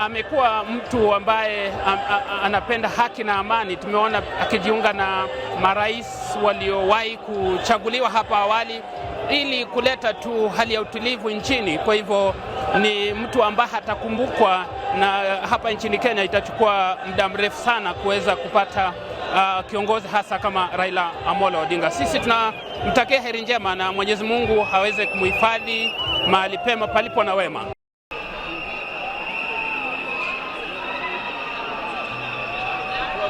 amekuwa mtu ambaye anapenda haki na amani. Tumeona akijiunga na marais waliowahi kuchaguliwa hapa awali ili kuleta tu hali ya utulivu nchini. Kwa hivyo ni mtu ambaye atakumbukwa na hapa nchini Kenya. Itachukua muda mrefu sana kuweza kupata uh, kiongozi hasa kama Raila Amolo Odinga. Sisi tunamtakia heri njema na Mwenyezi Mungu aweze kumhifadhi mahali pema palipo na wema.